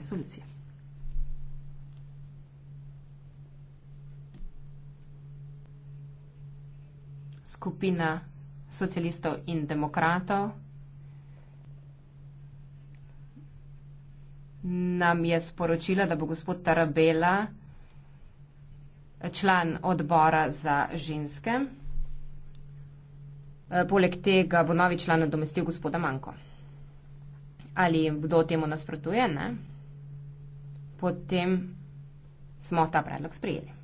resolucije. Skupina socialistov in demokratov nam je sporočila, da bo gospod Tarabela član odbora za ženske. Eh, poleg tega bo novi član nadomestil gospoda Manko. Ali kdo temu nasprotuje? Ne potem smo ta predlog sprejeli.